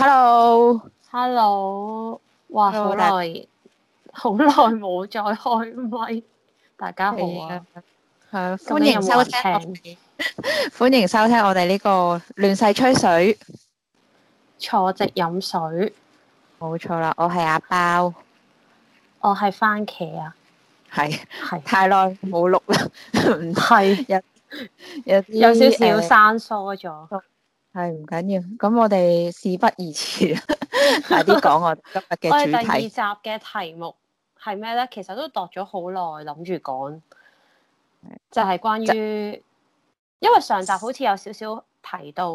Hello，Hello，Hello，哇，好耐久，好耐冇再開咪，大家好啊，係啊，歡迎收聽，歡迎收聽我哋呢個亂世吹水，坐直飲水，冇錯啦，我係阿包，我係番茄啊，係係的，的太耐冇錄啦，唔係有有有少少生疏咗。係唔緊要，咁我哋事不宜遲，快啲講我今日嘅主題。我哋第二集嘅題目係咩咧？其實都度咗好耐，諗住講，就係、是、關於，即因為上集好似有少少提到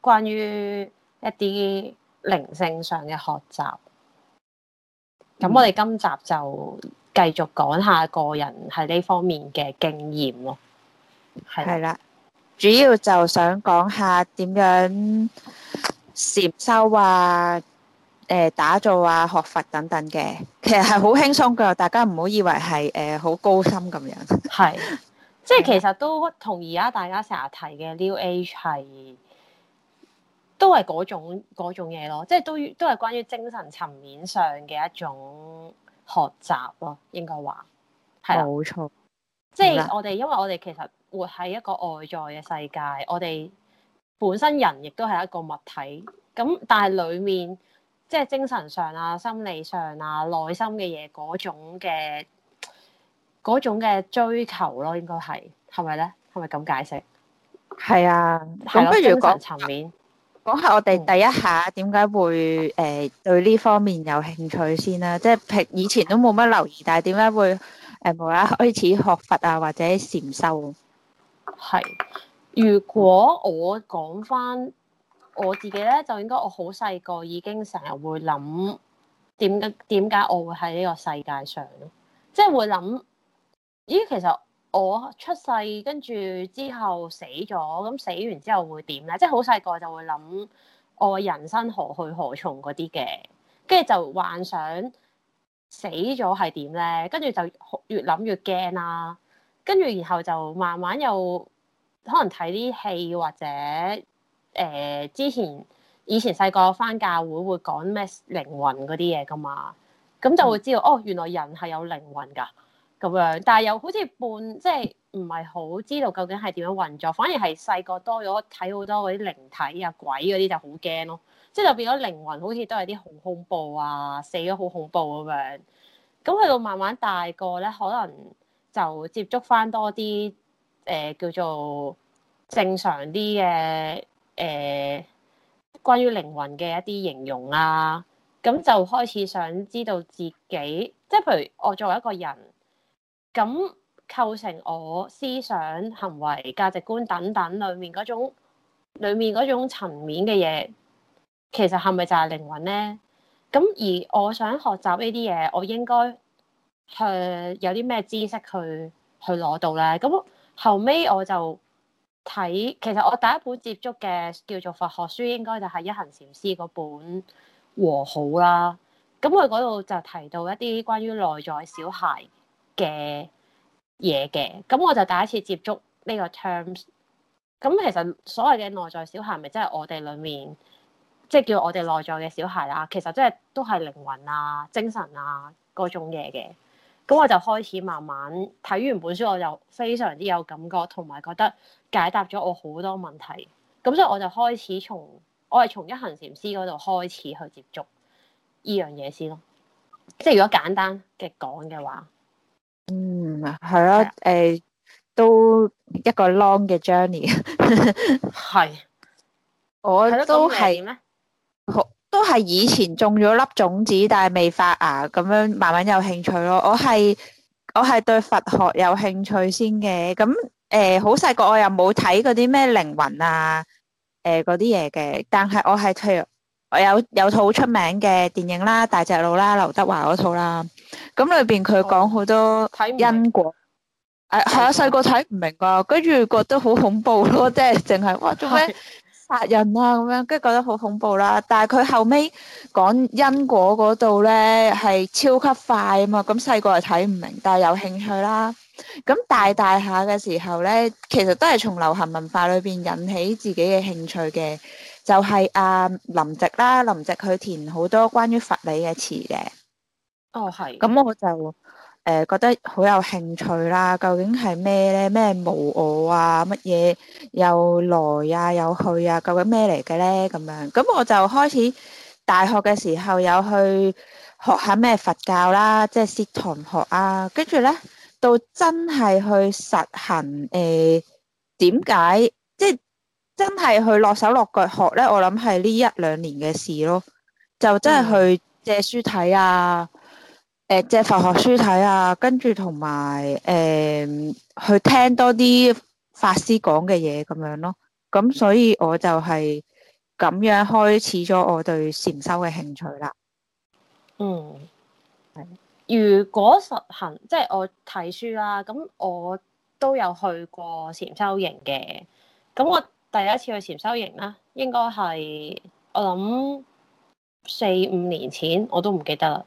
關於一啲靈性上嘅學習，咁、嗯、我哋今集就繼續講下個人喺呢方面嘅經驗咯。係啦。主要就想講下點樣禪修啊、誒、呃、打造啊、學佛等等嘅，其實係好輕鬆嘅，大家唔好以為係誒好高深咁樣。係，即係其實都同而家大家成日提嘅 New Age 係，都係嗰種嗰種嘢咯，即係都都係關於精神層面上嘅一種學習咯，應該話係冇錯，錯即係我哋，的因為我哋其實。活喺一個外在嘅世界，我哋本身人亦都係一個物體咁，但係裡面即係精神上啊、心理上啊、內心嘅嘢嗰種嘅嗰種嘅追求咯，應該係係咪咧？係咪咁解釋？係啊，咁不如講個層面，講下我哋第一下點解會誒、呃、對呢方面有興趣先啦、啊，即係平以前都冇乜留意，但係點解會誒冇啦開始學佛啊，或者禪修、啊？係，如果我講翻我自己咧，就應該我好細個已經成日會諗點解點解我會喺呢個世界上，即係會諗咦，其實我出世跟住之後死咗，咁死完之後會點咧？即係好細個就會諗我人生何去何從嗰啲嘅，跟住就幻想死咗係點咧，跟住就越諗越驚啦。跟住，然後就慢慢又可能睇啲戲，或者誒、呃、之前以前細個返教會會講咩靈魂嗰啲嘢噶嘛，咁就會知道、嗯、哦，原來人係有靈魂噶咁樣，但係又好似半即係唔係好知道究竟係點樣運作，反而係細個多咗睇好多嗰啲靈體啊鬼嗰啲就好驚咯。即係就變咗靈魂好似都係啲好恐怖啊死咗好恐怖咁、啊、樣，咁去到慢慢大個咧可能。就接觸翻多啲誒、呃、叫做正常啲嘅誒，關於靈魂嘅一啲形容啦、啊。咁就開始想知道自己，即係譬如我作為一個人，咁構成我思想、行為、價值觀等等裡面嗰種，裡面嗰種層面嘅嘢，其實係咪就係靈魂呢？咁而我想學習呢啲嘢，我應該。誒，去有啲咩知識去去攞到咧？咁後尾我就睇，其實我第一本接觸嘅叫做佛學書，應該就係一行禪師嗰本和好啦。咁佢嗰度就提到一啲關於內在小孩嘅嘢嘅，咁我就第一次接觸呢個 terms。咁其實所謂嘅內在小孩，咪即係我哋裏面，即係叫我哋內在嘅小孩啦。其實即係都係靈魂啊、精神啊嗰種嘢嘅。咁我就開始慢慢睇完本書，我就非常之有感覺，同埋覺得解答咗我好多問題。咁所以我就開始從，我係從一行禪師嗰度開始去接觸呢樣嘢先咯。即係如果簡單嘅講嘅話，嗯，係咯、啊，誒、啊呃，都一個 long 嘅 journey，係， 啊、 我都係是。 都係以前種咗粒種子，但係未發芽咁樣，慢慢有興趣咯。我係我係對佛學有興趣先嘅。咁誒，好細個我又冇睇嗰啲咩靈魂啊，誒嗰啲嘢嘅。但係我係譬如我有有套好出名嘅電影啦，大隻佬啦，劉德華嗰套啦。咁裏邊佢講好多因果。誒係啊，細個睇唔明噶，跟住覺得好恐怖咯，即係淨係哇做咩？人啊，咁樣，跟住覺得好恐怖啦。但係佢後尾講因果嗰度咧，係超級快啊嘛。咁細個又睇唔明，但係有興趣啦。咁大大下嘅時候咧，其實都係從流行文化裏邊引起自己嘅興趣嘅。就係阿林夕啦，林夕佢填好多關於佛理嘅詞嘅。哦，係。咁我就。誒，覺得好有興趣啦，究竟係咩呢？咩無我啊？乜嘢又來啊又去啊？究竟咩嚟嘅呢？咁樣，咁我就開始大學嘅時候有去學下咩佛教啦，即係涉堂學啊。跟住呢，到真係去實行誒，點、呃、解即係真係去落手落腳學呢？我諗係呢一兩年嘅事咯，就真係去借書睇啊。嗯誒，即係佛學書睇啊，跟住同埋誒去聽多啲法師講嘅嘢咁樣咯。咁所以我就係咁樣開始咗我對禪修嘅興趣啦。嗯，如果實行即係、就是、我睇書啦，咁我都有去過禪修營嘅。咁我第一次去禪修營啦，應該係我諗四五年前，我都唔記得啦。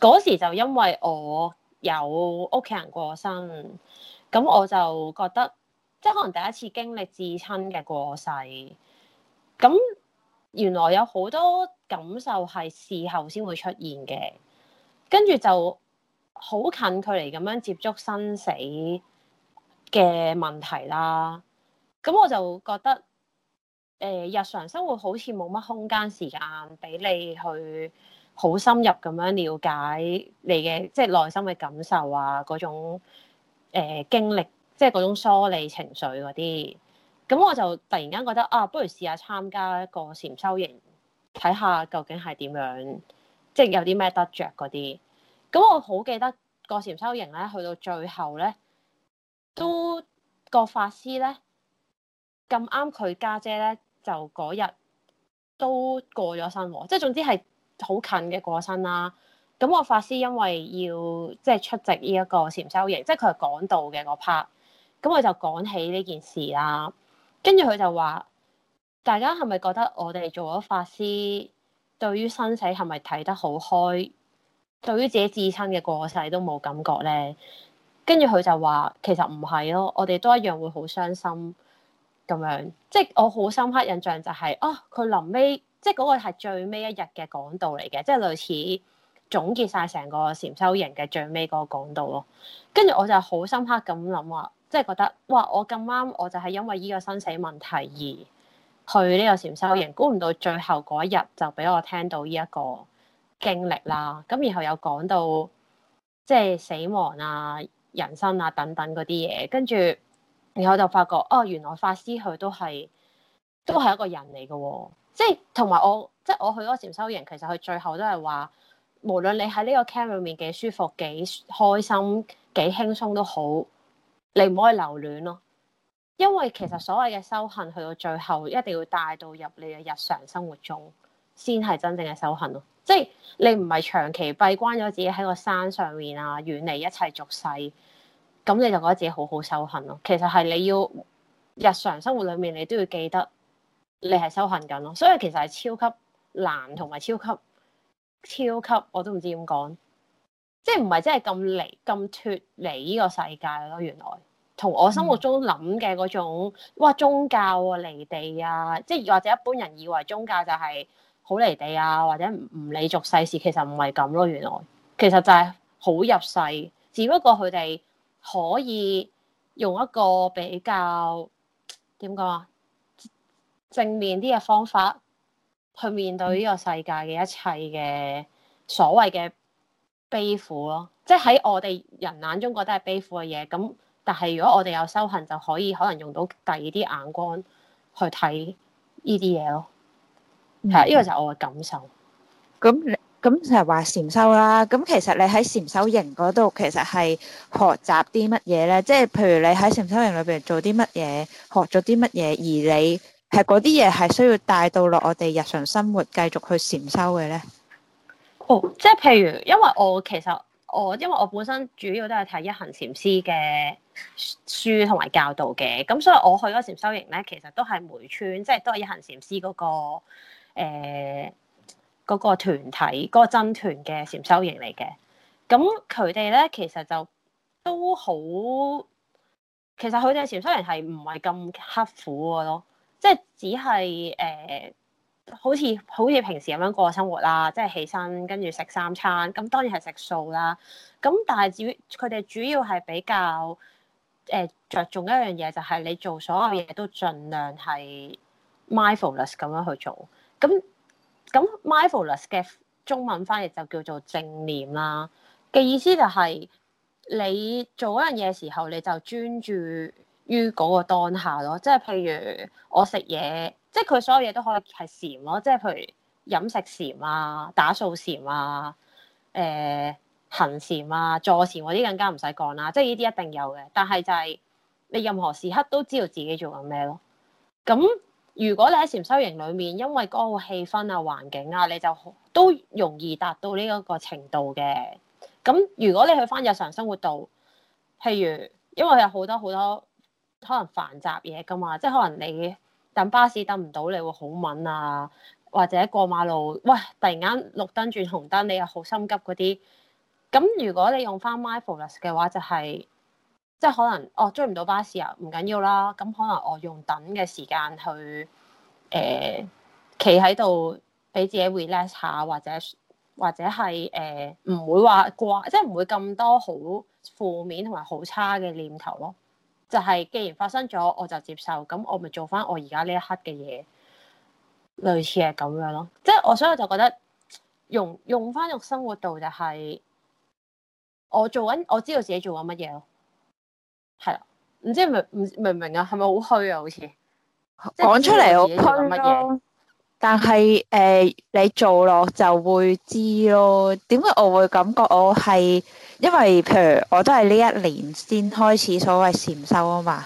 嗰時就因為我有屋企人過身，咁我就覺得，即係可能第一次經歷至親嘅過世，咁原來有好多感受係事後先會出現嘅，跟住就好近距離咁樣接觸生死嘅問題啦。咁我就覺得，誒、呃、日常生活好似冇乜空間時間俾你去。好深入咁樣了解你嘅即係內心嘅感受啊，嗰種誒、呃、經歷，即係嗰種梳理情緒嗰啲。咁我就突然間覺得啊，不如試下參加一個禪修營，睇下究竟係點樣，即係有啲咩得着嗰啲。咁我好記得個禪修營咧，去到最後咧，都個法師咧咁啱佢家姐咧，就嗰日都過咗身喎，即係總之係。好近嘅過身啦、啊，咁我法師因為要即係、就是、出席呢一個禪修營，即係佢係講道嘅、嗰個 part，咁我就講起呢件事啦、啊。跟住佢就話：大家係咪覺得我哋做咗法師，對於生死係咪睇得好開？對於自己至親嘅過世都冇感覺呢？」跟住佢就話：其實唔係咯，我哋都一樣會好傷心。咁樣即係我好深刻印象就係、是、啊，佢臨尾。即係嗰個係最尾一日嘅講道嚟嘅，即係類似總結晒成個禪修營嘅最尾嗰個講道咯。跟住我就好深刻咁諗話，即係覺得哇！我咁啱我就係因為呢個生死問題而去呢個禪修營，估唔到最後嗰一日就俾我聽到呢一個經歷啦。咁然後又講到即係死亡啊、人生啊等等嗰啲嘢，跟住然後就發覺哦，原來法師佢都係都係一個人嚟嘅喎。即係同埋我，即係我去嗰個禪修營，其實佢最後都係話，無論你喺呢個 camp 裏面幾舒服、幾開心、幾輕鬆都好，你唔可以留戀咯。因為其實所謂嘅修行，去到最後一定要帶到入你嘅日常生活中，先係真正嘅修行咯。即係你唔係長期閉關咗自己喺個山上面啊，遠離一切俗世，咁你就覺得自己好好修行咯。其實係你要日常生活裏面，你都要記得。你係修行緊咯，所以其實係超級難同埋超級超級，我都唔知點講，即係唔係真係咁離咁脫離呢個世界咯？原來同我心目中諗嘅嗰種，哇宗教啊離地啊，即係或者一般人以為宗教就係好離地啊，或者唔理俗世事，其實唔係咁咯。原來其實就係好入世，只不過佢哋可以用一個比較點講啊？正面啲嘅方法去面對呢個世界嘅一切嘅所謂嘅悲苦咯，即係喺我哋人眼中覺得係悲苦嘅嘢。咁但係如果我哋有修行，就可以可能用到第二啲眼光去睇呢啲嘢咯。係、嗯，呢個就係我嘅感受。咁咁就係話禪修啦。咁其實你喺禪修營嗰度，其實係學習啲乜嘢咧？即係譬如你喺禪修營裏邊做啲乜嘢，學咗啲乜嘢，而你。係嗰啲嘢係需要帶到落我哋日常生活繼續去禪修嘅咧？哦，即係譬如，因為我其實我因為我本身主要都係睇一行禪師嘅書同埋教導嘅，咁所以我去嗰個禪修營咧，其實都係梅村，即係都係一行禪師嗰個誒嗰個團體嗰個僧團嘅禪修營嚟嘅。咁佢哋咧，其實就都好，其實佢哋嘅禪修營係唔係咁刻苦咯。即係只係誒、呃，好似好似平時咁樣過生活啦，即係起身跟住食三餐，咁當然係食素啦。咁但係至於佢哋主要係比較誒着、呃、重一樣嘢，就係你做所有嘢都盡量係 mindfulness 咁樣去做。咁咁 mindfulness 嘅中文翻譯就叫做正念啦。嘅意思就係你做一樣嘢嘅時候，你就專注。於嗰個當下咯，即係譬如我食嘢，即係佢所有嘢都可以係禪咯。即係譬如飲食禪啊、打掃禪啊、誒、呃、行禪啊、坐禪，嗰啲更加唔使講啦。即係呢啲一定有嘅。但係就係你任何時刻都知道自己做緊咩咯。咁如果你喺禪修營裡面，因為嗰個氣氛啊、環境啊，你就都容易達到呢一個程度嘅。咁如果你去返日常生活度，譬如因為有好多好多。可能繁雜嘢噶嘛，即係可能你等巴士等唔到，你會好煩啊，或者過馬路嘩，突然間綠燈轉紅燈，你又好心急嗰啲。咁如果你用翻 mindfulness 嘅話，就係、是、即係可能哦追唔到巴士啊，唔緊要啦。咁可能我用等嘅時間去誒，企喺度俾自己 relax 下，或者或者係誒唔會話掛，即係唔會咁多好負面同埋好差嘅念頭咯。就係既然發生咗，我就接受，咁我咪做翻我而家呢一刻嘅嘢，類似係咁樣咯。即係我所以我就覺得用用翻用生活度就係、是、我做緊，我知道自己做緊乜嘢咯。係啦，唔知咪唔明唔明啊？係咪好虛啊？好似講、就是、出嚟好乜嘢？但係誒、呃，你做落就會知咯。點解我會感覺我係？因為譬如我都係呢一年先開始所謂禪修啊嘛，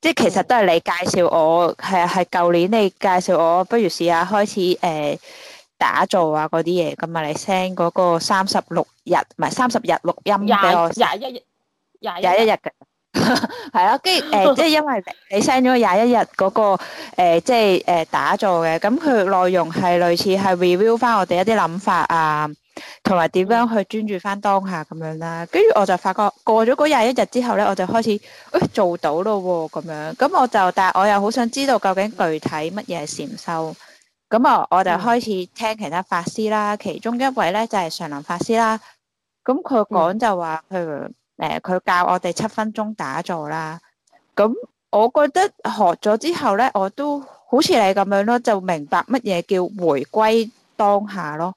即係其實都係你介紹我，係，係舊年你介紹我不如試下開始誒、呃、打坐啊嗰啲嘢咁嘛，你 send 嗰個三十六日唔係三十日錄音俾我，廿一日廿一日嘅，係 啊， 跟住誒即係因為你 send 咗廿一日嗰，那個、呃、即係誒、呃、打坐嘅，咁佢內容係類似係 review 翻我哋一啲諗法啊。同埋點樣去專注翻當下咁樣啦，跟住我就發覺過咗嗰廿一日之後呢，我就開始誒、哎、做到咯咁、哦、樣，咁我就但係我又好想知道究竟具體乜嘢係禪修，咁啊我就開始聽其他法師啦，其中一位呢就係、是、常林法師啦，咁佢講就話，譬如誒佢教我哋七分鐘打坐啦，咁我覺得學咗之後呢，我都好似你咁樣咯，就明白乜嘢叫回歸當下咯。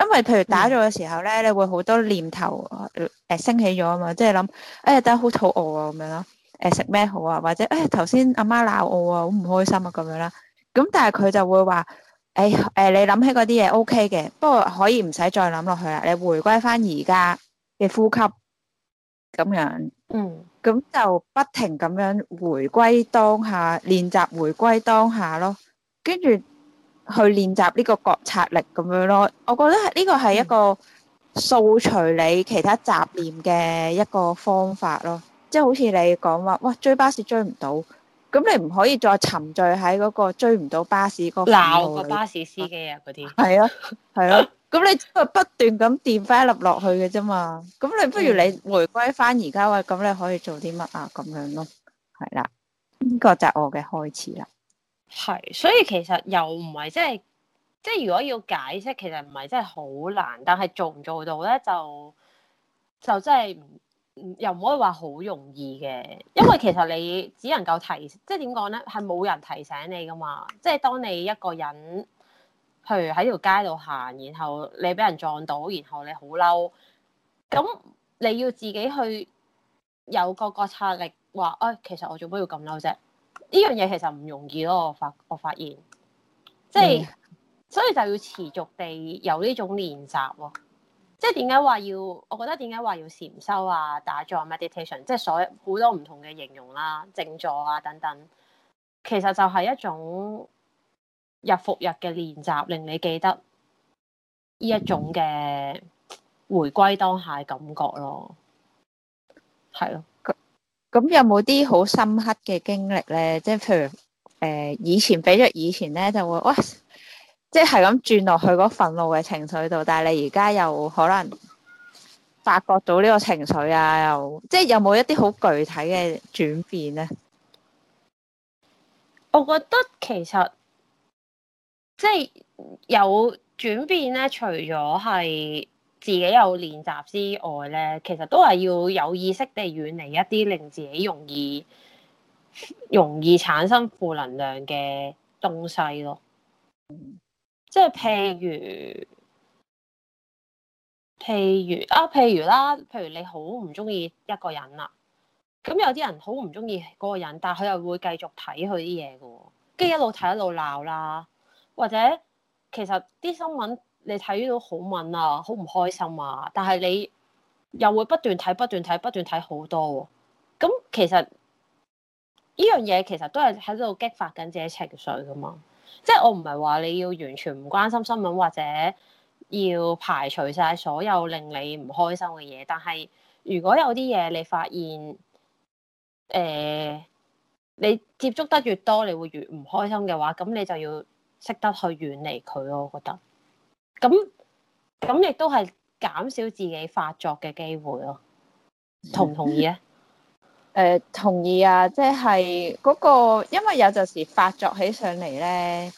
因為譬如打咗嘅時候咧，嗯、你會好多念頭誒、呃、升起咗啊嘛，即係諗誒，等下好肚餓啊咁樣咯，誒食咩好啊，或者誒頭先阿媽鬧我啊，好唔開心啊咁樣啦。咁但係佢就會話誒誒，你諗起嗰啲嘢 OK 嘅，不過可以唔使再諗落去啦，你回歸翻而家嘅呼吸咁樣，嗯，咁就不停咁樣回歸當下，練習回歸當下咯，跟住。去練習呢個覺察力咁樣咯，我覺得呢個係一個掃除你其他雜念嘅一個方法咯。即係好似你講話，哇追巴士追唔到，咁你唔可以再沉醉喺嗰個追唔到巴士鬧個巴士司機啊嗰啲。係 啊，係啊，咁你只不斷咁墊翻粒落去嘅啫嘛。咁你不如你回歸翻而家喂，咁你可以做啲乜啊咁樣咯。係啦、啊，呢、呢個就係我嘅開始啦。係，所以其實又唔係即係，即係如果要解釋，其實唔係真係好難，但係做唔做到咧就就真係又唔可以話好容易嘅，因為其實你只能夠提醒，即係點講咧，係冇人提醒你噶嘛，即係當你一個人，譬如喺條街度行，然後你俾人撞到，然後你好嬲，咁你要自己去有個覺察力，話誒、哎，其實我做乜要咁嬲啫？呢樣嘢其實唔容易咯，我發我發現，即係、嗯、所以就要持續地有呢種練習咯。即係點解話要？我覺得點解話要禪修啊、打坐、啊、meditation，即係所好多唔同嘅形容啦、啊、靜坐啊等等，其實就係一種日復日嘅練習，令你記得呢一種嘅回歸當下感覺咯，係咯。咁有冇啲好深刻嘅經歷咧？即係譬如誒、呃、以前比起以前咧，就會哇！即係係咁轉落去嗰份怒嘅情緒度，但係你而家又可能發覺到呢個情緒啊，又即係有冇一啲好具體嘅轉變咧？我覺得其實即係有轉變咧，除咗係。自己有練習之外咧，其實都係要有意識地遠離一啲令自己容易容易產生負能量嘅東西咯。即係譬如譬如啊，譬如啦，譬如你好唔中意一個人啦，咁有啲人好唔中意嗰個人，但係佢又會繼續睇佢啲嘢嘅喎，跟住一路睇一路鬧啦。或者其實啲新聞。你睇到好悶啊，好唔開心啊，但係你又會不斷睇、不斷睇、不斷睇好多喎。咁其實呢樣嘢其實都係喺度激發緊自己情緒噶嘛。即係我唔係話你要完全唔關心新聞或者要排除晒所有令你唔開心嘅嘢，但係如果有啲嘢你發現，誒、呃、你接觸得越多，你會越唔開心嘅話，咁你就要識得去遠離佢咯。我覺得。咁咁亦都係減少自己發作嘅機會咯，同唔同意咧？誒、嗯呃，同意啊！即係嗰個，因為有陣時發作起上嚟咧，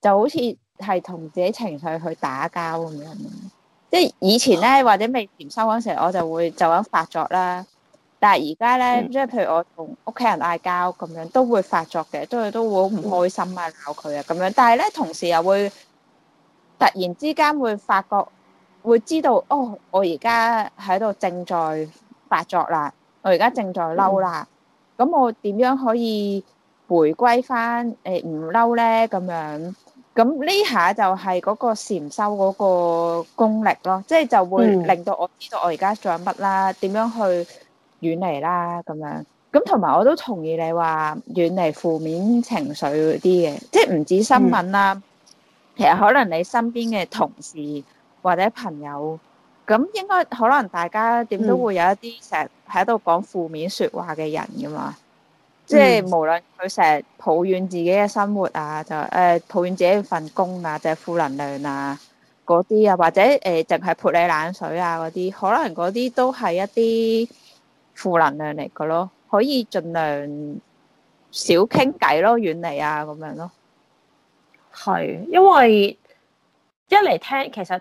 就好似係同自己情緒去打交咁樣。即、就、係、是、以前咧，或者未禪修嗰陣時，我就會就咁發作啦。但係而家咧，即係、嗯、譬如我同屋企人嗌交咁樣，都會發作嘅，都係都會好唔開心啊，鬧佢啊咁樣。但係咧，同時又會。突然之間會發覺，會知道哦，我而家喺度正在發作啦，我而家正在嬲啦。咁、嗯、我點樣可以回歸翻誒唔嬲咧？咁、欸、樣咁呢下就係嗰個禪修嗰個功力咯，即係就會令到我知道我而家做緊乜啦，點、嗯、樣去遠離啦咁樣。咁同埋我都同意你話遠離負面情緒啲嘅，即係唔止新聞啦、啊。嗯其實可能你身邊嘅同事或者朋友，咁應該可能大家點都會有一啲成日喺度講負面說話嘅人噶嘛，嗯、即係無論佢成日抱怨自己嘅生活啊，就誒、呃、抱怨自己嘅份工啊，就係、是、負能量啊嗰啲啊，或者誒淨係潑你冷水啊嗰啲，可能嗰啲都係一啲負能量嚟噶咯，可以盡量少傾偈咯，遠離啊咁樣咯。係，因為一嚟聽，其實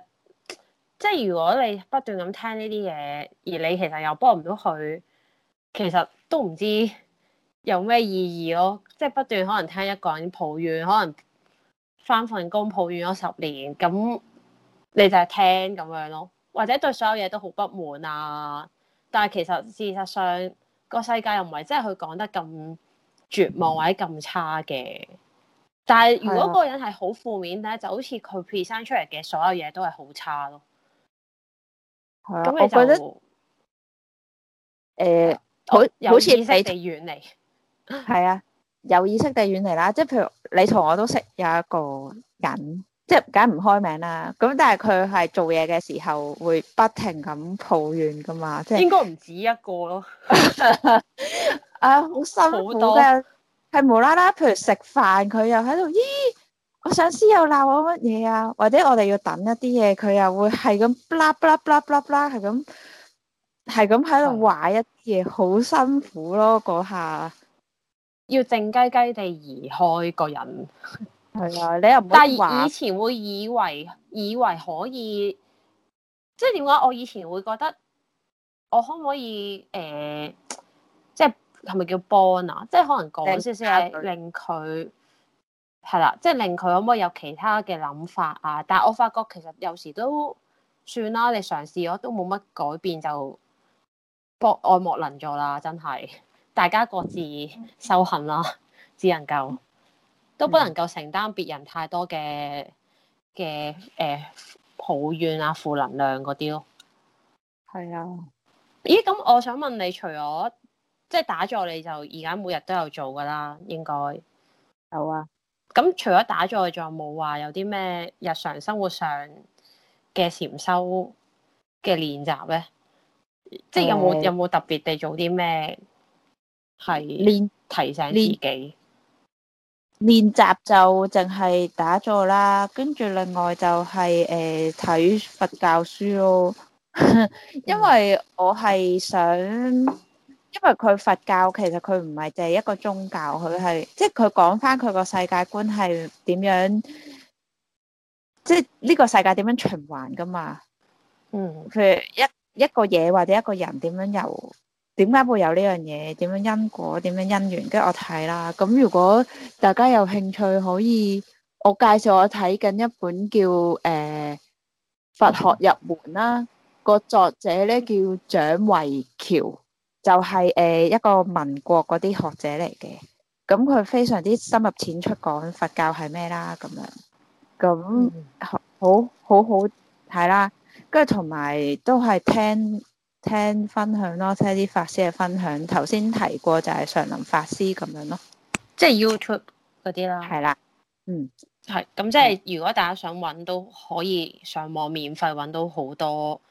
即係如果你不斷咁聽呢啲嘢，而你其實又幫唔到佢，其實都唔知有咩意義咯。即係不斷可能聽一個人抱怨，可能翻份工抱怨咗十年，咁你就係聽咁樣咯。或者對所有嘢都好不滿啊，但係其實事實上個世界又唔係真係佢講得咁絕望或者咁差嘅。但係如果個人係好負面咧，啊、就好似佢 present 出嚟嘅所有嘢都係好差咯。係啊，咁我就覺得誒，呃、好好似地遠離。係啊，有意識地遠離啦。即係譬如你同我都識有一個人，即係梗唔開名啦。咁但係佢係做嘢嘅時候會不停咁抱怨噶嘛。即係應該唔止一個咯。 啊，好辛苦係無啦啦，譬如食飯，佢又喺度咦，我上司又鬧我乜嘢啊，或者我哋要等一啲嘢，佢又會係咁，卜啦、卜啦、卜啦，係咁係咁喺度話一啲嘢，好辛苦咯，嗰下要靜雞雞地移開個人。係 啊，你又 但係以前會以為以為可以，即係點講？我以前會覺得我可唔可以誒，即、呃、係。係咪叫 born 啊？即係可能講少少，對就是、令佢係啦，即係令佢可唔可以有其他嘅諗法啊？但係我發覺其實有時都算啦，你嘗試咗都冇乜改變，就博愛莫能助啦！真係，大家各自修行啦，只能夠都不能夠承擔別人太多嘅嘅誒抱怨啊、負能量嗰啲咯。係啊，咦？咁我想問你，除咗～即係打、啊，打坐，你就而家每日都有做噶啦，應該有啊。咁除咗打坐，仲有冇話有啲咩日常生活上嘅禪修嘅練習咧？即係有冇有冇，嗯、特別地做啲咩？係練提醒自己。練習就淨係打坐啦，跟住另外就係誒睇佛教書咯， 因為我係想。因為佢佛教其實佢唔係淨係一個宗教，佢係即係佢講翻佢個世界觀係點樣，即係呢個世界點樣循環噶嘛？嗯，譬如一一個嘢，或者一個人點樣有，點解會有呢樣嘢？點樣因果？點樣因緣？跟住我睇啦。咁如果大家有興趣，可以我介紹我睇緊一本叫《誒、呃、佛學入門》啦，個作者咧叫蔣維喬。就係誒一個民國嗰啲學者嚟嘅，咁佢非常之深入淺出講佛教係咩啦咁樣，咁、嗯、好好好係啦，跟住同埋都係聽聽分享咯，聽啲法師嘅分享。頭先提過就係常林法師咁樣咯，即係 YouTube 嗰啲啦。係啦，嗯，係咁即係如果大家想揾都可以上網免費揾到好多。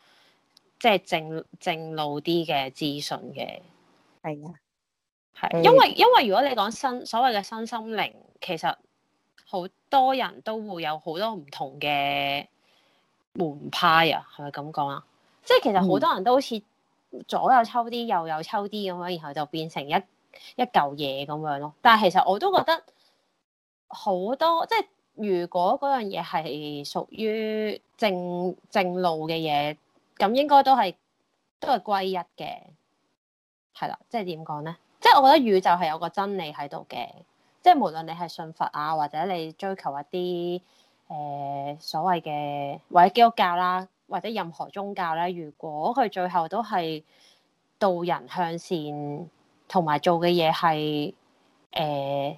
即係正正路啲嘅資訊嘅，係啊，係因為因為如果你講新所謂嘅新心靈，其實好多人都會有好多唔同嘅門派啊，係咪咁講啊？即係其實好多人都好似左右抽啲，右右抽啲咁樣，然後就變成一一嚿嘢咁樣咯。但係其實我都覺得好多即係如果嗰樣嘢係屬於正正路嘅嘢。咁應該都係都係歸一嘅，係啦。即係點講咧？即係我覺得宇宙係有個真理喺度嘅。即係無論你係信佛啊，或者你追求一啲誒、呃、所謂嘅，或者基督教啦、啊，或者任何宗教咧、啊，如果佢最後都係導人向善，同埋做嘅嘢係誒，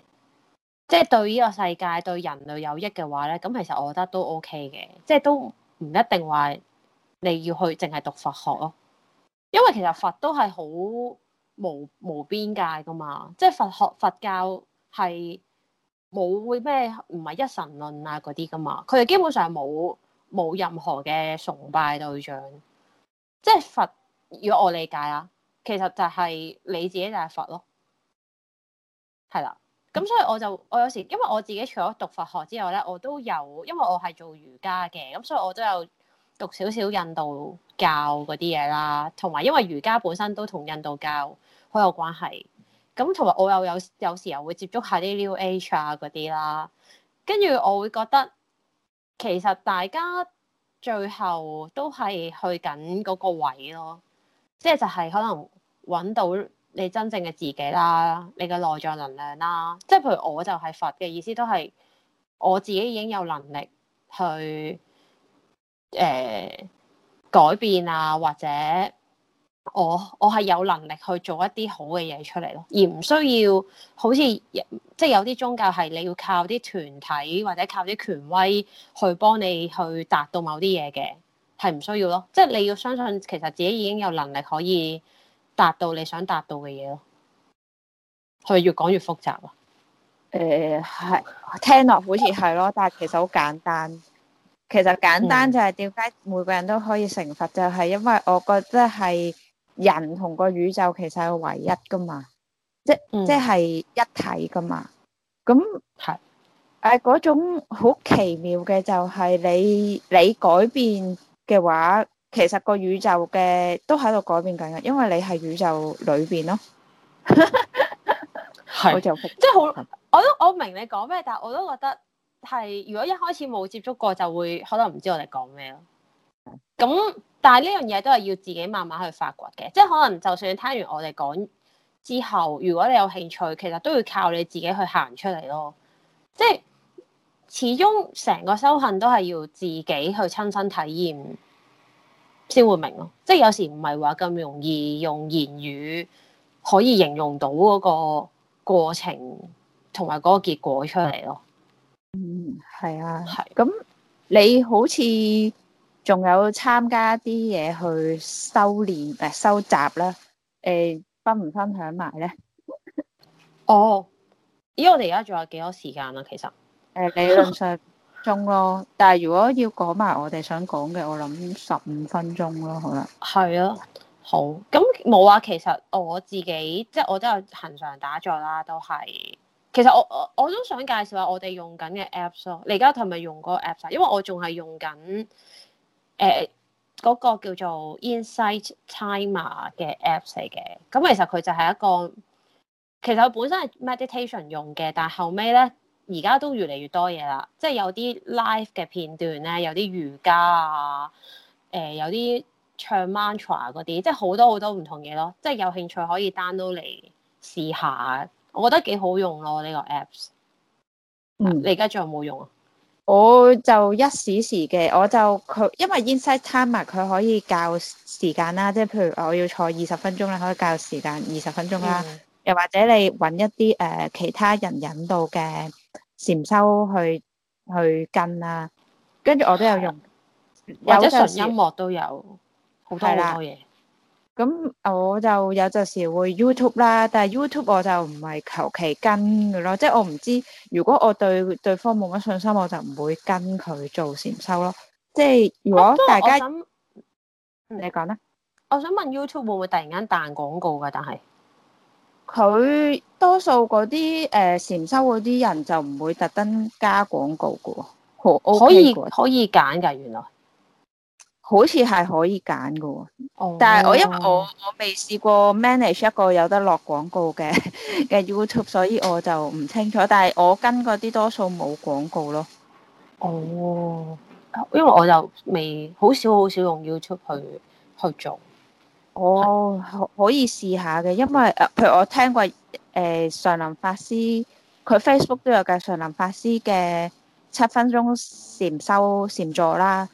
即係對呢個世界對人類有益嘅話咧，咁其實我覺得都 OK 嘅。即係都唔一定話。你要去淨係讀佛學咯，因為其實佛都係好無無邊界噶嘛，即係佛學佛教係冇會咩唔係一神論啊嗰啲噶嘛，佢哋基本上冇冇任何嘅崇拜對象，即係佛。如果我理解啦，其實就係你自己就係佛咯，係啦。咁所以我就我有時因為我自己除咗讀佛學之外咧，我都有，因為我係做瑜伽嘅，咁所以我都有。讀少少印度教嗰啲嘢啦，同埋因為瑜伽本身都同印度教好有關係。咁同埋我又有有時候會接觸下啲 New Age 啊嗰啲啦，跟住我會覺得其實大家最後都係去緊嗰個位咯，即係就係可能揾到你真正嘅自己啦，你嘅內在能量啦。即係譬如我就係佛嘅意思，都係我自己已經有能力去。誒、呃，改變啊，或者我我係有能力去做一啲好嘅嘢出嚟咯，而唔需要好似即係有啲宗教係你要靠啲團體或者靠啲權威去幫你去達到某啲嘢嘅，係唔需要咯。即係你要相信，其實自己已經有能力可以達到你想達到嘅嘢咯。佢越講越複雜啊？誒、呃，係聽落好似係咯、呃呃、咯，但係其實好簡單。其實簡單就係點解每個人都可以成佛，就係因為我覺得係人同個宇宙其實係唯一㗎嘛，即即係一體㗎嘛。咁係誒嗰種好奇妙嘅就係你你改變嘅話，其實個宇宙嘅都喺度改變緊嘅，因為你係宇宙裏邊咯。係我就即係好，我都我明你講咩，但我都覺得。係如果一開始冇接觸過，就會可能唔知我哋講咩咯。咁但係呢樣嘢都係要自己慢慢去發掘嘅，即係可能就算聽完我哋講之後，如果你有興趣，其實都要靠你自己去行出嚟咯。即始終成個修行都係要自己去親身體驗，先會明咯。即係有時唔係話咁容易用言語可以形容到嗰個過程同埋嗰個結果出嚟咯。嗯，係啊，係咁， 你好似仲有參加啲嘢去修煉誒、啊，收集啦，誒、哎，分唔分享埋咧？哦，咦，我哋而家仲有幾多時間啊？其實誒、啊，理論、嗯、上中咯，但係如果要講埋我哋想講嘅，我諗十五分鐘咯，可能係啊，好咁冇啊。其實我自己即係我都有恒常打坐啦，都係。其實我我我都想介紹下我哋用緊嘅 apps 咯。你而家係咪用嗰個 apps 啊？因為我仲係用緊誒嗰個叫做 Insight Timer 嘅 apps 嚟嘅。咁、嗯、其實佢就係一個，其實佢本身係 meditation 用嘅，但後尾咧，而家都越嚟越多嘢啦。即係有啲 live 嘅片段咧，有啲瑜伽啊，誒、呃、有啲唱 mantra 嗰啲，即係好多好多唔同嘢咯。即係有興趣可以 download 嚟試下。我覺得幾好用咯呢、這個 apps，嗯，你而家仲有冇用啊？我就一時時嘅，我就佢因為 Insight Timer 佢可以較時間啦，即係譬如我要坐二十分鐘啦，可以較時間二十分鐘啦，啊，嗯、又或者你搵一啲誒、呃、其他人引導嘅禪修去去跟啦，啊，跟住我都有用，或者純音樂都有很多很多的，好多好多嘢。咁、嗯、我就有陣時會 YouTube 啦，但係 YouTube 我就唔係求其跟嘅咯，即係我唔知，如果我對對方冇乜信心，我就唔會跟佢做禪修咯。即係如果大家，你講咧，我想，、嗯、我想問 YouTube 會唔會突然間彈廣告噶？但係佢多數嗰啲誒禪修嗰啲人就唔會特登加廣告嘅、哦 okay，可可以可以揀噶，原來。好似係可以揀嘅，哦、但係我因為我我未試過 manage 一個有得落廣告嘅嘅 YouTube，所以我就唔清楚。但係我跟嗰啲多數冇廣告咯。哦，因為我就未好少好少用 YouTube 去去做。哦，可以試下嘅，因為譬如我聽過誒、呃、上林法師，佢 Facebook 都有嘅上林法師嘅七分鐘禪修禪坐啦。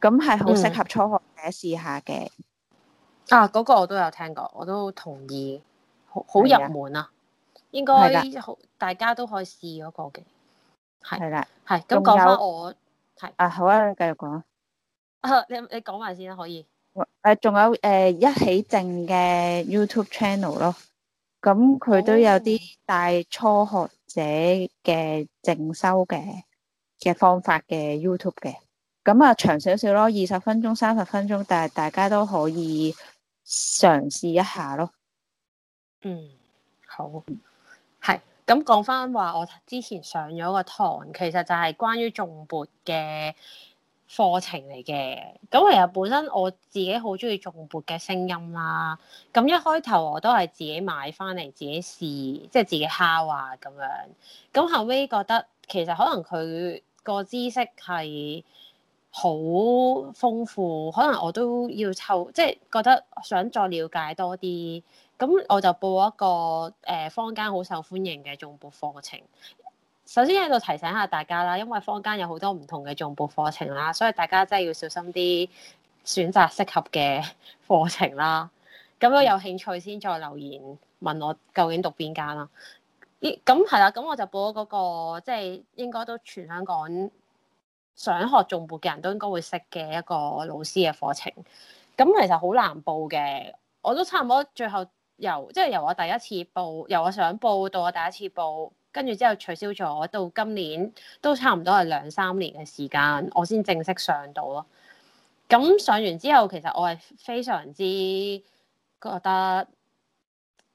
咁係好適合初學者試下嘅、嗯。啊，嗰、那個我都有聽過，我都同意，好好入門啊，的應該好，大家都可以試嗰個嘅。係啦，係的。咁講翻我，係有是啊，好啊，繼續講。啊，你你講埋先啦，可以。誒、啊，仲有誒、呃，一起靜嘅 YouTube channel 咯，咁佢都有啲帶初學者嘅靜修嘅嘅方法嘅 YouTube 嘅。咁啊，長少少咯，二十分鐘、三十分鐘，但係大家都可以嘗試一下咯。嗯，好，係咁講翻話。我之前上咗個堂，其實就係關於重播嘅課程嚟嘅。咁其實本身我自己好中意重播嘅聲音啦。咁一開頭我都係自己買翻嚟自己試，即係自己敲啊咁樣。咁後尾覺得其實可能佢個知識係。好豐富，可能我都要湊，即係覺得想再了解多啲，咁我就報一個誒坊間好受歡迎嘅禪修課程。首先喺度提醒下大家啦，因為坊間有好多唔同嘅禪修課程啦，所以大家真係要小心啲選擇適合嘅課程啦。咁我有興趣先再留言問我究竟讀邊間啦。依咁係啦，咁我就報咗嗰個，即係應該都全香港。想學頌缽嘅人都應該會識嘅一個老師嘅課程，咁其實好難報嘅。我都差唔多最後由即係、就是、由我第一次報，由我想報到我第一次報，跟住之後取消咗，到今年都差唔多係兩三年嘅時間，我先正式上到咯。咁上完之後，其實我係非常之覺得，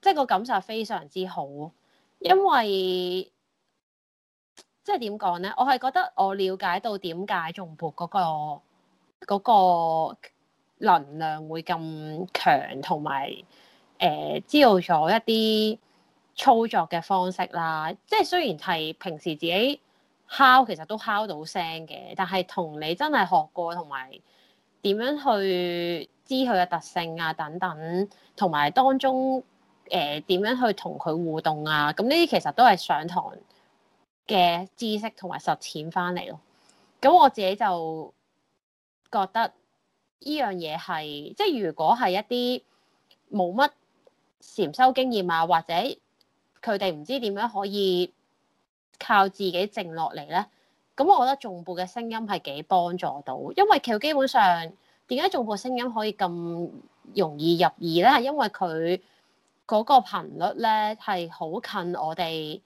即係個感受非常之好，因為。即係點講咧？我係覺得我了解到點解仲撥嗰個嗰個能量會咁強，同埋誒知道咗一啲操作嘅方式啦。即係雖然係平時自己敲，其實都敲到聲嘅，但係同你真係學過，同埋點樣去知佢嘅特性啊等等，同埋當中誒點樣去同佢互動啊，咁呢啲其實都係上堂嘅知識同埋實踐翻嚟咯，咁我自己就覺得依樣嘢係，即係如果係一啲冇乜禪修經驗啊，或者佢哋唔知點樣可以靠自己靜落嚟咧，咁我覺得重播嘅聲音係幾幫助到，因為佢基本上點解重播聲音可以咁容易入耳咧？係因為佢嗰個頻率咧係好近我哋。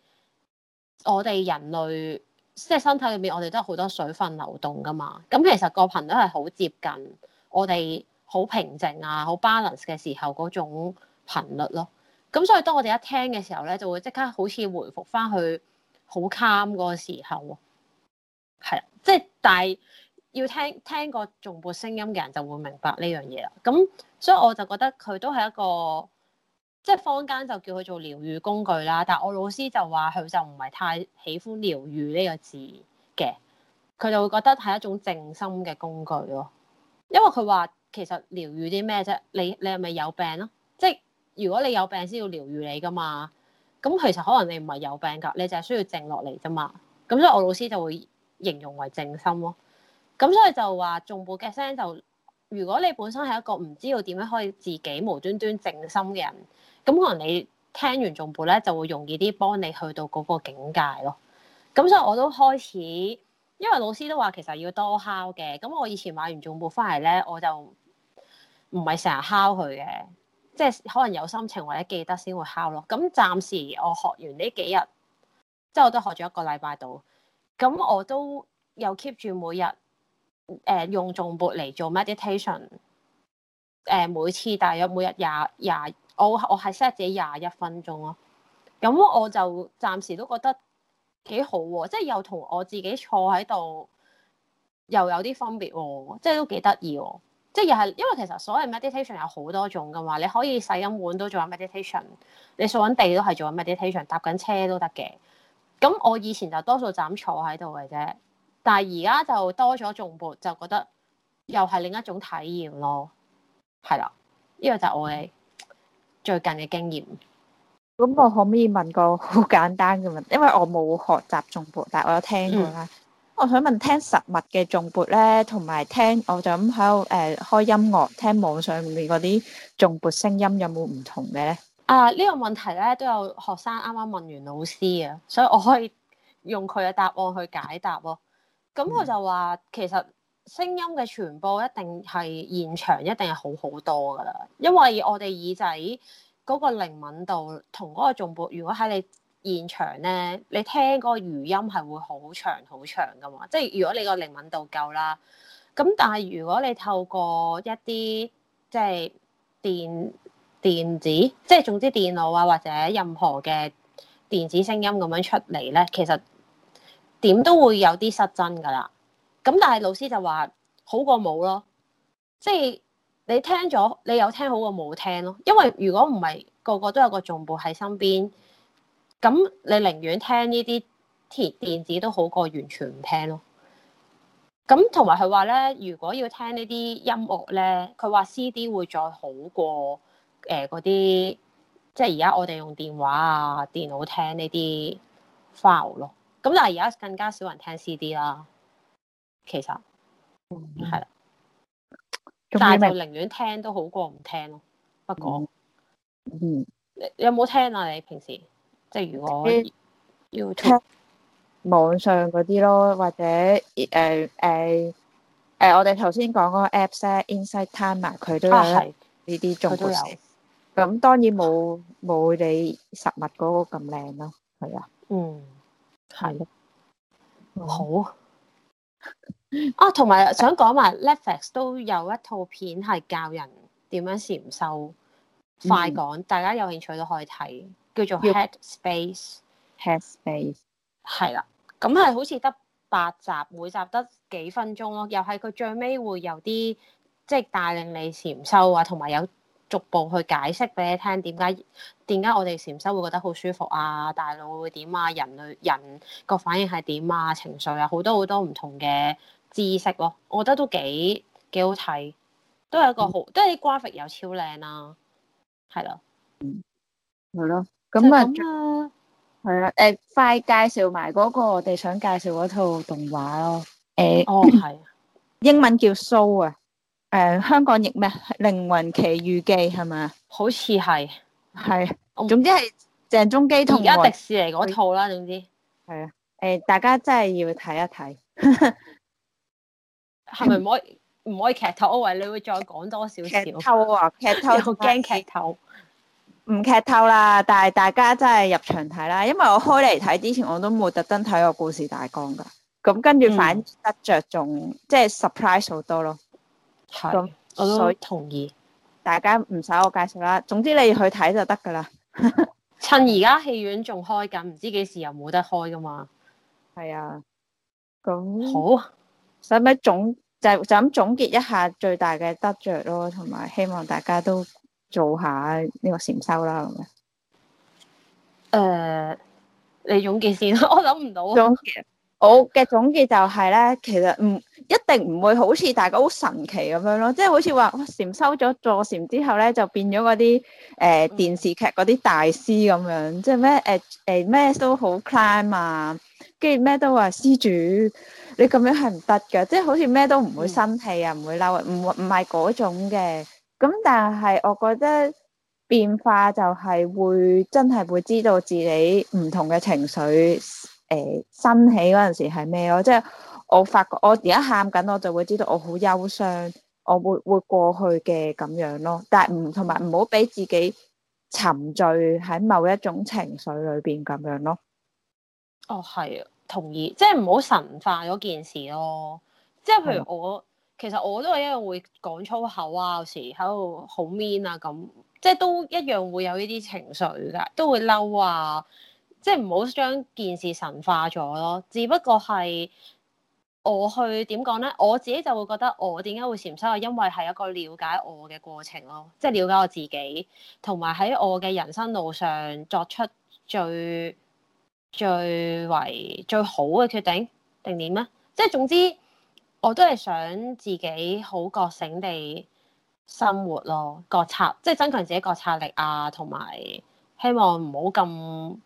我哋人類即係身體裏面，我哋都有好多水分流動噶嘛。咁其實個頻率係好接近我哋好平靜啊、好 balance 嘅時候嗰種頻率咯。咁所以當我哋一聽嘅時候咧，就會即刻好似回復返去好 calm 個時候。係啊，即係但係要聽聽過頌缽聲音嘅人就會明白呢樣嘢啦。咁所以我就覺得佢都係一個。即係坊間就叫佢做療癒工具啦，但係我老師就話佢就唔係太喜歡療癒呢個字嘅，佢就會覺得係一種靜心嘅工具咯。因為佢話其實療癒啲咩啫？你你係咪有病咯？即係如果你有病先要療癒你噶嘛？咁其實可能你唔係有病噶，你就係需要靜落嚟啫嘛。咁所以我老師就會形容為靜心咯。咁所以就話仲部嘅聲就。如果你本身係一個唔知道點樣可以自己無端端靜心嘅人，咁可能你聽完頌缽咧就會容易啲幫你去到嗰個境界咯。咁所以我都開始，因為老師都話其實要多敲嘅。咁我以前買完頌缽返嚟咧，我就唔係成日敲佢嘅，即係可能有心情或者記得先會敲咯。咁暫時我學完呢幾日，即係我都學咗一個禮拜度。咁我都有 keep 住每日。誒、嗯，用重播嚟做 meditation，誒、嗯，每次大約每日廿廿，我我係 set 自己廿一分鐘咯。咁我就暫時都覺得幾好喎、啊，即係又同我自己坐喺度又有啲分別喎、啊，即係都幾得意喎。即係又係因為其實所謂 med 有 meditation 有好多種噶嘛，你可以洗緊碗都做緊 meditation，你掃緊地都係做緊 meditation，搭緊車都得嘅。咁我以前就多數就咁坐喺度嘅啫。但係而家就多咗頌缽，就覺得又係另一種體驗咯，係啦，呢、這個就我嘅最近嘅經驗。咁我可唔可以問個好簡單嘅問題，因為我冇學習頌缽，但係我有聽過啦。嗯、我想問聽實物嘅頌缽咧，同埋聽我就咁喺度誒開音樂聽網上面嗰啲頌缽聲音有有，有冇唔同嘅咧？啊，呢、這個問題咧都有學生啱啱問完老師啊，所以我可以用佢嘅答案去解答喎。咁我就話，其實聲音嘅傳播一定係現場，一定係好好多㗎喇，因為我哋耳仔嗰個靈敏度同嗰個重播，如果喺你現場咧，你聽嗰個餘音係會好長好長㗎嘛。即係如果你個靈敏度夠啦，咁但係如果你透過一啲即係電電子，即係總之電腦啊或者任何嘅電子聲音咁樣出嚟咧，其實。點都會有啲失真噶啦，咁但係老師就話好過冇咯，即係你聽咗，你有聽好過冇聽咯，因為如果唔係個個都有個重播喺身邊，咁你寧願聽呢啲電電子都好過完全唔聽咯。咁同埋佢話咧，如果要聽呢啲音樂咧，佢話 CD 會再好過誒嗰啲，即係而家我哋用電話啊、電腦聽呢啲 file 咯。咁但係而家更加少人聽 CD 啦，其實，嗯，係啦，但係就寧願聽都好過唔聽咯。不過，嗯，嗯，你有冇聽啊？你平時即係如果要 check 網上嗰啲咯，或者誒誒誒，我哋頭先講嗰個 app 咧 Insight Timer 佢都係呢啲，仲有。咁、啊、當然冇冇你實物嗰個咁靚咯，係啊，嗯。係啊，好 啊！同埋想講埋 Netflix 都有一套片係教人點樣禪修，嗯、快講，大家有興趣都可以睇，叫做 Head Space。Head Space 係啦，咁係好似得八集，每集得幾分鐘咯，又係佢最尾會有啲即係帶領你禪修啊，同埋有，有。逐步去解釋俾你聽點解點解我哋禪修會覺得好舒服啊，大腦會點啊，人類人個反應係點啊，情緒啊，好多好多唔同嘅知識咯、啊，我覺得都幾幾好睇，都有一個好，都係啲瓜 r a 又超靚啦，係咯，嗯，係咯，咁啊，係啊，誒，快介紹埋、那、嗰個我哋想介紹嗰套動畫咯，誒、uh,，哦，係， 英文叫 Show 啊、uh。誒、嗯，香港譯咩《靈魂奇遇記》係咪啊？好似係係，總之係鄭中基同而家迪士尼嗰套啦。總之係啊，誒、欸，大家真係要睇一睇，係咪唔可以唔可以劇透？喂，你會再講多少少劇透啊？劇透驚劇 透，唔劇透啦。但係大家真係入場睇啦，因為我開嚟睇之前，我都冇特登睇個故事大綱噶，咁跟住反得着重、嗯、即係 surprise 好多咯。咁，我都同意。大家唔使我介紹啦，總之你要去睇就得噶啦。 趁而家戲院仲開緊，唔知幾時又冇得開噶嘛？係啊，咁好，使唔使總就就咁總結一下最大嘅得着咯，同埋希望大家都做下呢個禪修啦，咁樣？誒，你總結先，我諗唔到。總結。 我嘅總結就係咧，其實唔一定唔會好似大家好神奇咁樣咯，即係好似話哇禪修咗坐禪之後咧，就變咗嗰啲誒電視劇嗰啲大師咁樣，即係咩誒誒咩都好 calm 啊，跟住咩都話施主你咁樣係唔得㗎，即係好似咩都唔會生氣啊，嗯，唔會嬲啊，唔唔係嗰種嘅。咁但係我覺得變化就係會真係會知道自己唔同嘅情緒。誒，升起嗰陣時係咩咯？即係我發覺，我而家喊緊，我就會知道我好憂傷，我會會過去嘅咁樣咯。但係唔同埋唔好俾自己沉醉喺某一種情緒裏邊咁樣咯。哦，係啊，同意，即係唔好神化嗰件事咯。即係譬如我，啊、其實我都係一樣會講粗口啊，有時喺度好 mean 啊，咁即係都一樣會有呢啲情緒噶，都會嬲啊。即係唔好將件事神化咗咯，只不過係我去點講呢？我自己就會覺得我點解會襌修，係因為係一個了解我嘅過程咯，即係了解我自己，同埋喺我嘅人生路上作出最最為最好嘅決定定點呢？即係總之，我都係想自己好覺醒地生活咯，覺察即係增強自己覺察力啊，同埋希望唔好咁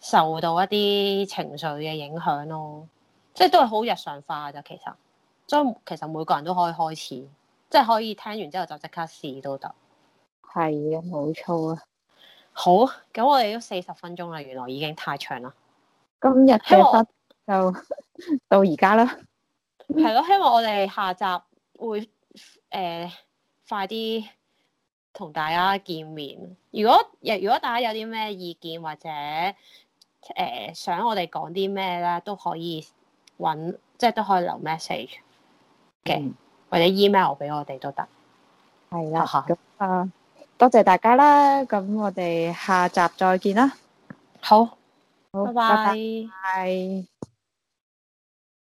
受到一啲情緒嘅影響咯，即係都係好日常化嘅啫。其實，所以其實每個人都可以開始，即係可以聽完之後就即刻試都得。係啊，冇錯啊。好，咁我哋都四十分鐘啦，原來已經太長啦。今日其實就，就到而家啦。係咯，希望我哋下集會誒、呃、快啲同大家見面。如果如果大家有啲咩意見或者，誒、呃、想我哋講啲咩啦，都可以揾，即係都可以留 message 嘅，嗯、或者 email 俾我哋都得。係啦的，咁啊、uh huh.，多謝大家啦，咁我哋下集再見啦。好，拜拜，拜拜。